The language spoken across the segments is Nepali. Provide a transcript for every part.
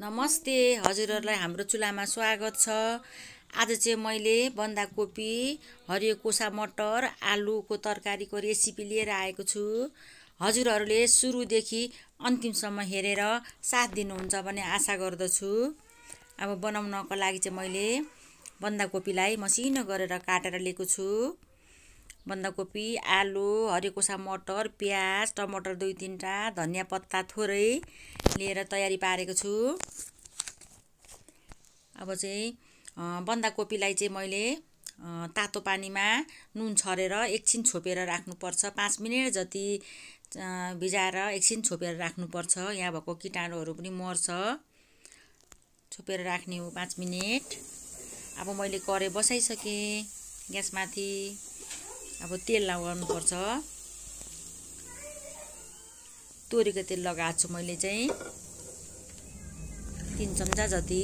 नमस्ते हजुरहरूलाई हाम्रो चुल्हामा स्वागत छ आज चाहिँ मैले बन्दाकोपी हरियो कोसा मटर आलुको तरकारीको रेसिपी लिएर आएको छु हजुरहरूले सुरुदेखि अन्तिमसम्म हेरेर साथ दिनुहुन्छ भन्ने आशा गर्दछु अब बनाउनको लागि चाहिँ मैले बन्दाकोपीलाई मसिनो गरेर काटेर लिएको छु बन्दाकोपी आलु हरियो कोसा मटर प्याज टमाटर दुई तिनवटा धनियाँ पत्ता थोरै लिएर तयारी पारेको छु अब चाहिँ बन्दाकोपीलाई चाहिँ मैले तातो पानीमा नुन छरेर एकछिन छोपेर राख्नुपर्छ पाँच मिनट जति भिजाएर एकछिन छोपेर राख्नुपर्छ यहाँ भएको किटाणुहरू पनि मर्छ छोपेर राख्ने हो पाँच मिनट अब मैले करे बसाइसकेँ ग्यासमाथि अब तेल पर्छ तोरीको तेल लगाएको छु मैले चाहिँ तिन चम्चा जति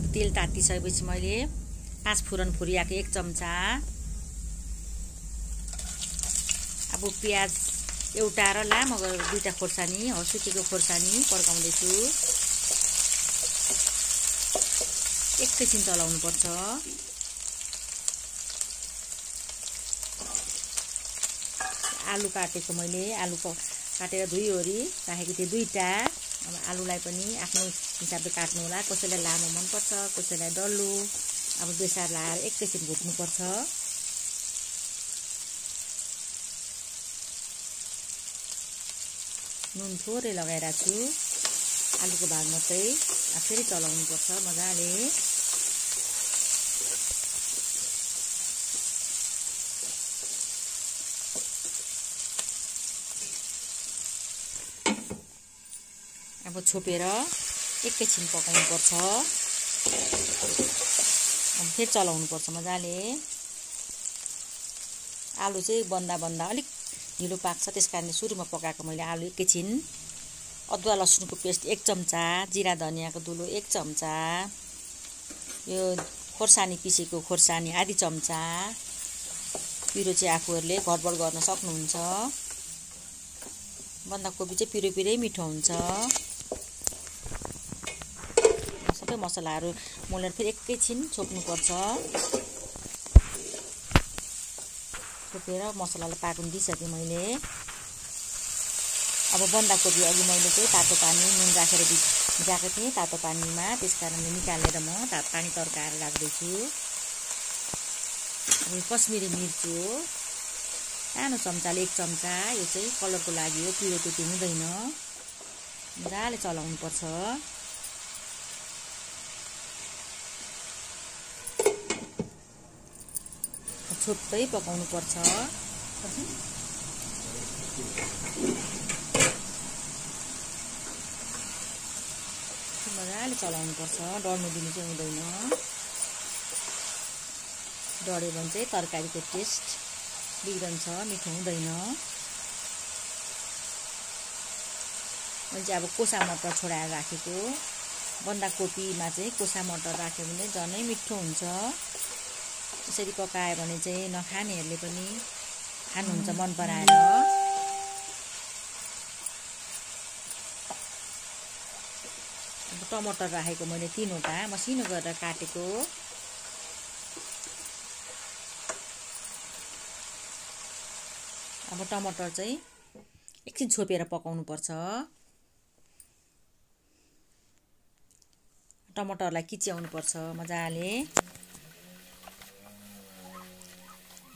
अब तेल तातिसकेपछि मैले पाँच फुरन फुरियाएको एक चम्चा अब प्याज एउटा र लामो दुईवटा खोर्सानी हो सुकेको खोर्सानी पड्काउँदैछु एकैछिन चलाउनुपर्छ आलु काटेको मैले आलु काटेर धुइवरी राखेको थिएँ दुईवटा अब आलुलाई पनि आफ्नो हिसाबले काट्नु होला कसैलाई लामो मनपर्छ कसैलाई डल्लो अब बेसार लाएर एकैछिन भुट्नुपर्छ नुन थोरै लगाइरहेको छु आलुको भाग मात्रै फेरि चलाउनुपर्छ मजाले अब छोपेर एकैछिन पकाउनुपर्छ अब फेरि चलाउनुपर्छ मजाले आलु चाहिँ बन्दा बन्दा अलिक ढिलो पाक्छ त्यस कारणले सुरुमा पकाएको मैले आलु एकैछिन अदुवा लसुनको पेस्ट एक चम्चा जिरा धनियाँको धुलो एक चम्चा यो खोर्सानी पिसेको खोर्सानी आधी चम्चा पिरो चाहिँ आफूहरूले घरबड गर्न सक्नुहुन्छ बन्दाकोपी चाहिँ पिरो पिरै मिठो हुन्छ सबै मसलाहरू मोलेर फेरि एकैछिन छोप्नुपर्छ छोपेर मसलालाई पाक्नु दिइसकेँ मैले अब बन्दाकोपी अघि मैले चाहिँ तातो पानी नुन राखेर भिजाएको थिएँ तातो पानीमा त्यस कारणले निकालेर म तातो पानी तर्काएर राख्दैछु यो कश्मिरी मिर्च हो सानो चम्चाले एक चम्चा यो चाहिँ कलरको लागि हो पिरो टुटी हुँदैन मजाले चलाउनुपर्छ पकाउनु पर्छ मजाले पर्छ डढ्नु दिनु चाहिँ हुँदैन डढ्यो भने चाहिँ तरकारीको टेस्ट बिग्रन्छ मिठो हुँदैन मैले चाहिँ अब कोसा मटर छोडाएर राखेको बन्दाकोपीमा चाहिँ कोसा मटर राख्यो भने झनै मिठो हुन्छ यसरी पकायो भने चाहिँ नखानेहरूले पनि खानुहुन्छ मन पराएर टमाटर राखेको मैले तिनवटा मसिनो गरेर काटेको अब टमाटर चाहिँ एकछिन छोपेर पकाउनुपर्छ टमाटरलाई किच्याउनुपर्छ मजाले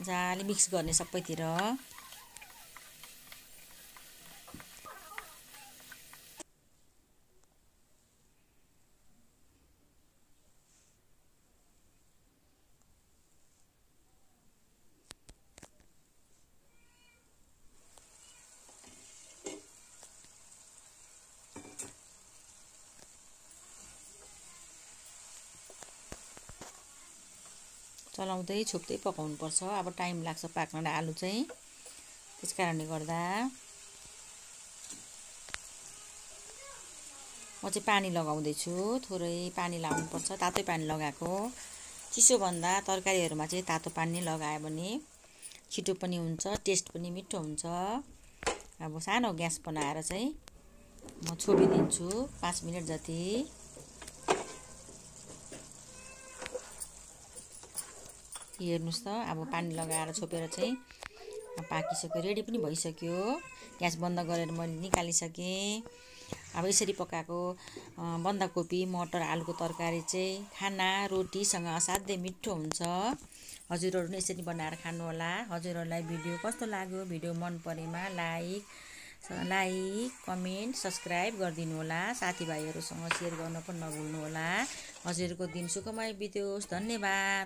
मजाले मिक्स गर्ने सबैतिर चलाउँदै छोप्दै पकाउनुपर्छ अब टाइम लाग्छ पाक्नलाई आलु चाहिँ त्यस कारणले गर्दा म चाहिँ पानी लगाउँदैछु थोरै पानी लगाउनुपर्छ तातै पानी लगाएको चिसोभन्दा तरकारीहरूमा चाहिँ तातो पानी नै लगायो भने छिटो पनि हुन्छ टेस्ट पनि मिठो हुन्छ अब सानो ग्यास बनाएर चाहिँ म छोपिदिन्छु पाँच मिनट जति हेर्नुहोस् त अब पानी लगाएर छोपेर चाहिँ पाकिसक्यो रेडी पनि भइसक्यो ग्यास बन्द गरेर मैले निकालिसकेँ अब यसरी पकाएको बन्दाकोपी मटर आलुको तरकारी चाहिँ खाना रोटीसँग असाध्यै मिठो हुन्छ हजुरहरू पनि यसरी बनाएर खानुहोला हजुरहरूलाई भिडियो कस्तो लाग्यो भिडियो मन परेमा लाइक लाइक कमेन्ट सब्सक्राइब गरिदिनु होला साथीभाइहरूसँग सेयर गर्न पनि नभुल्नुहोला हजुरको दिन सुखमय बित्योस् धन्यवाद